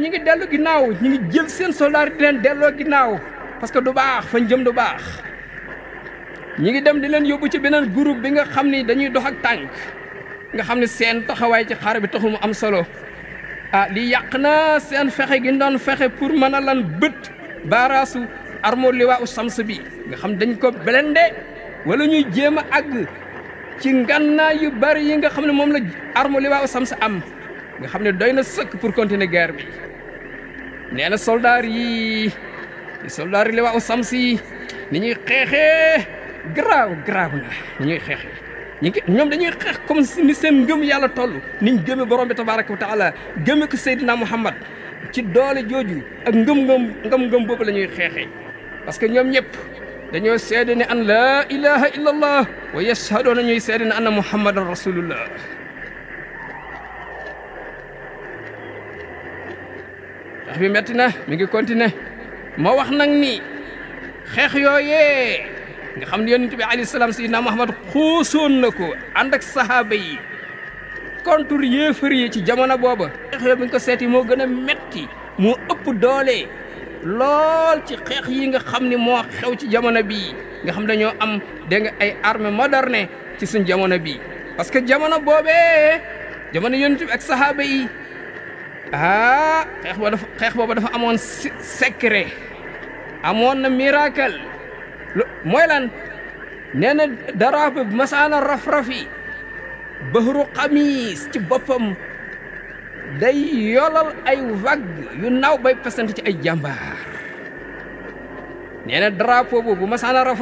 ñu ngi dellu ginnaaw ñu ngi jël seen soldaar di leen delloo ginnaaw parce que du baax fañ jëm du baax ñi ngi dem di leen yóbbu ci beneen groupe bi nga xam ni dañuy dox ak tànk nga xam ne seen taxawaay ci xare bi taxul mu am solo ah li yàq na seen fexe gi doon fexe pour mën a lan bët baaraasu armo liwaa u sams bi nga xam dañ ko belende wala ñuy jéem a àgg ci ngànnaay yu bari yi nga xam ne moom la armo liwaa u sams am nga xam ne doy na sëkk pour continuer guerre bi nee na soldaar yi soldaar yi li waa u samsi ni ñuy xeexee garaaw garaaw na ni ñuy xeexee ñu ngi ñoom dañuy xeex comme ni seen ngëm yàlla toll ni ñu gëme borom bi tabaraka wa taala gëme ko Seydina Muhammad ci doole jooju ak ngëm-ngëm ngëm-ngëm boobu lañuy xeexe parce que ñoom ñëpp dañoo seede ne an laa ilaha illa allah wa yashhaduuna ñuy seede ne anna muhammadan rasulullah xeex bi metti na mi ngi continuer moo wax nag ni xeex yooyee nga xam ne yonent bi alayhi salaam sayyidina Muhammad xuusoon na ko ànd ak sahaaba yi kontur yéefar yi ci jamono booba xeex yooyu bi nga ko seeti moo gën a metti moo ëpp doole lool ci xeex yi nga xam ni moo xew ci jamono bii nga xam dañoo am dégg nga ay armée moderne ci suñ jamono bii parce que jamono boobee jamono ak sahaaba yi ah xeex ba dafa amoon secret amoon na miracle mooy lan nee na daraaf bi masaana raf-rafi bahru xamiis ci boppam day yolal ay vague yu naaw bay pesant ci ay jàmbaar nee na drapeau boobu masaana raf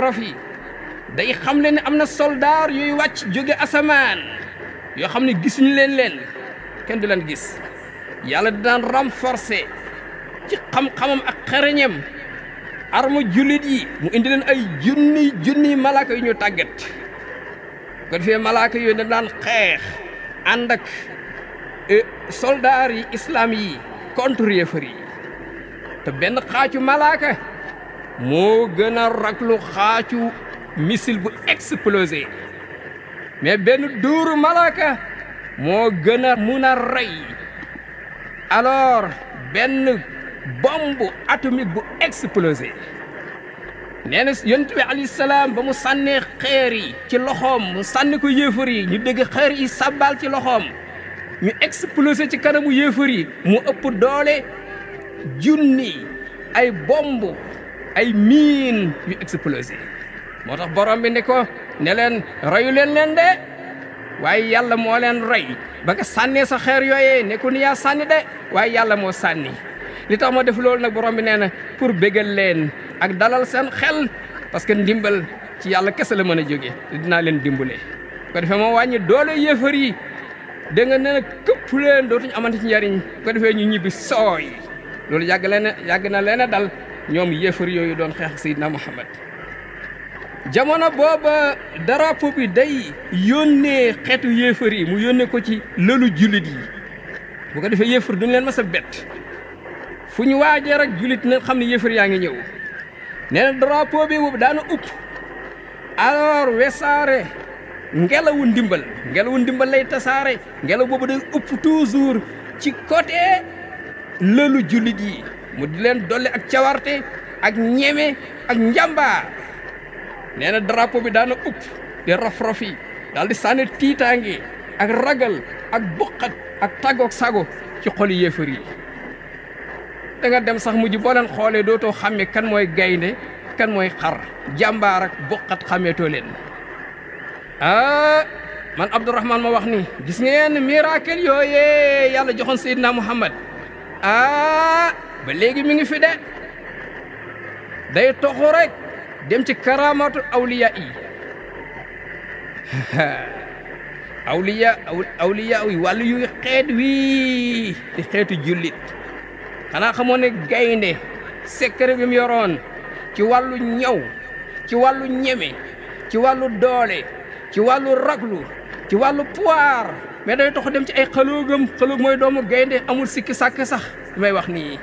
day xam le ne am na soldaar yuy wàcc jóge asamaan yoo xam ne gisuñu leen leen kenn du leen gis yàlla di daan renforcer ci xam-xamam ak xereñam arme jullit yi mu indi leen ay junniy junniy malaaka yu ñu tàggat ko defee malaaka yooyu dañ daan xeex ànd ak eh, yi islaam yi contre yéefar te benn xaacu malaaka moo gën a raglu xaacu missile bu explosé mais benn dóoru malaaka moo gën a mun a rey alors benn bombe atomique bu explosé nee na yonent bi alayhi salaam ba mu sànnee xeer ci loxoom mu sànni ko yéefar yi ñu dégg xeer yi sàbbaal ci loxoom ñu explosé ci kanamu yéefar yi mu ëpp doole junni ay bomb ay miin yu explosé moo tax borom bi ni ko ne leen reyu leen leen waaye yàlla moo leen roy ba nga sànnee sa xeer yooyee nekku yaa sànni de waaye yàlla moo sànni li tax ma def loolu nag borom bi nee na pour bégal leen ak dalal seen xel parce que ndimbal ci yàlla kese la mën a jógee dinaa leen dimbale ko defee moo wàññi doole yéefar yi da nga ne na këpp amante ci njariñ ko defee ñu ñibbi sooy loolu yàgg leen yàgg na leen dal ñoom yéefar yooyu doon xeex Seydina Muhammad jamono booba drapeau bi day yónnee xeetu yéefar yi mu yónnee ko ci lëlu jullit yi bu ko defee yéefar duñ leen mas bett fu ñu waajee rek jullit na xam ne yéefar yaa ngi ñëw nee na drapeau bi boobu daana upp alors wesaare ngelawu ndimbal ngelawu ndimbal lay tasaare ngelaw boobu day upp toujours ci côté lëlu jullit yi mu di leen dolli ak cawarte ak ñeme ak njàmbaar nee na drapeau bi daana upp di raf-raf yi daal di sànni tiitaange ak ragal ak buqat ak tàggoog sago ci xoli yéefar yi da nga dem sax mujj boo leen xoolee dootoo xàmmee kan mooy gaynde kan mooy xar jàmbaar ak buqat xàmmeetoo leen ah man Abdourahman ma wax ni gis ngeen miracle yooyee yàlla joxoon Seydina Muhammad ah ba léegi mi ngi fi de day toxu rek dem ci karaamaatul awliya yi awliya awliya yi wàllu yu xeet wii di xeetu jullit xanaa xamoon ne gaynde secret bi mu yoroon ci wàllu ñaw ci wàllu ñeme ci wàllu doole ci wàllu raglu ci wàllu pouvoir mais day tax dem ci ay xaloogam xaloog mooy doomu gaynde amul sikki sàkk sax li may wax nii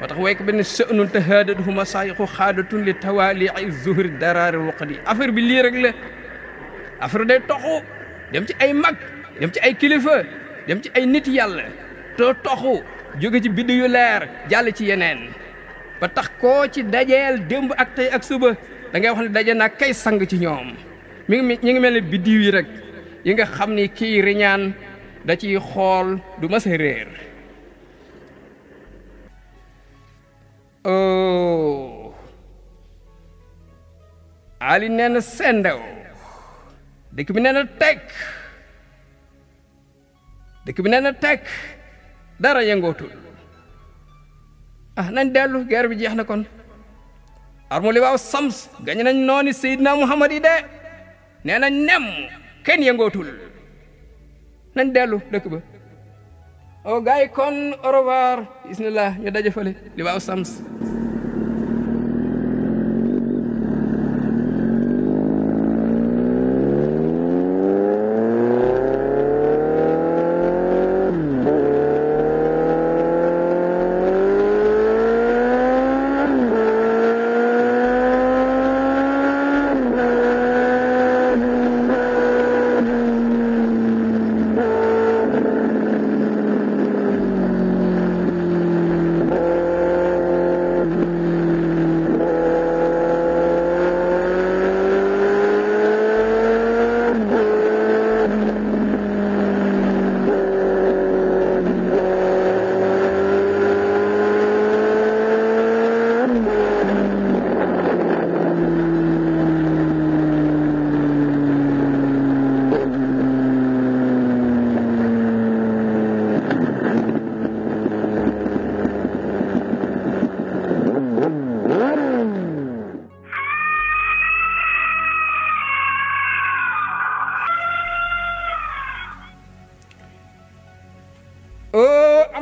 moo tax way ko benn sënun te haadathuma saayixu xaadatun li tawaalii zuhri daraari waqdi affaire bi lii rek la affaire day toxu dem ci ay mag dem ci ay kilifa dem ci ay nit yàlla te toxu jóge ci biddi yu leer jàll ci yeneen ba tax koo ci dajeel démb ak tey ak suba dangay ngay wax ne daje naa kay sang ci ñoom mi ngi ñi ngi mel ne biddiw yi rek yi nga xam ni kii riñaan da ciy xool du mas réer oh ali nee na sendew dëkk bi nee na tekk dëkk bi nee na tekk dara yëngootul ah nañ dellu guerre bi jeex na kon armu li sams gañ nañ nooni Seydina Muhammad yi de nee na ken kenn yëngootul nañ dellu dëkk ba o oh, gars yi kon au revoir bismillah ñu daje fële li waaw sams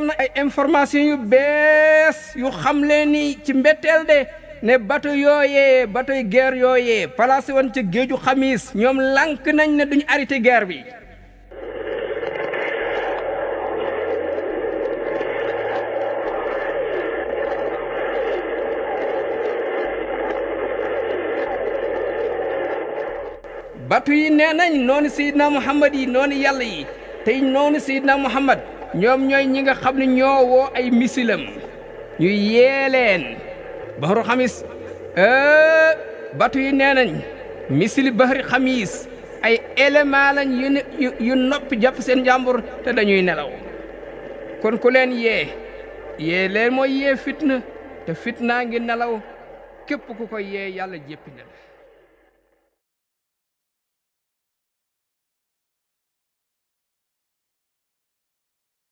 am ay information yu xam leen ni ci mbetteel de ne bateau yooyee xamis ñoom lànk nañ ne duñu arrêté guerre bi yi nee nañ noonu Seydina Muhammad yi noonu yàlla yi tey noonu Seydina Muhammad ñoom ñooy ñi nga xam ne ñoo woo ay misilam ñu yeeleen bahru xamis eh, batu yi nee nañ misili bahri xamis ay élément lañ yu yu noppi jàpp seen jàmbur te dañuy nelaw kon ku leen yee yee leen mooy yee fitna te fitnaa ngi nelaw képp ku ko yee yàlla jéppi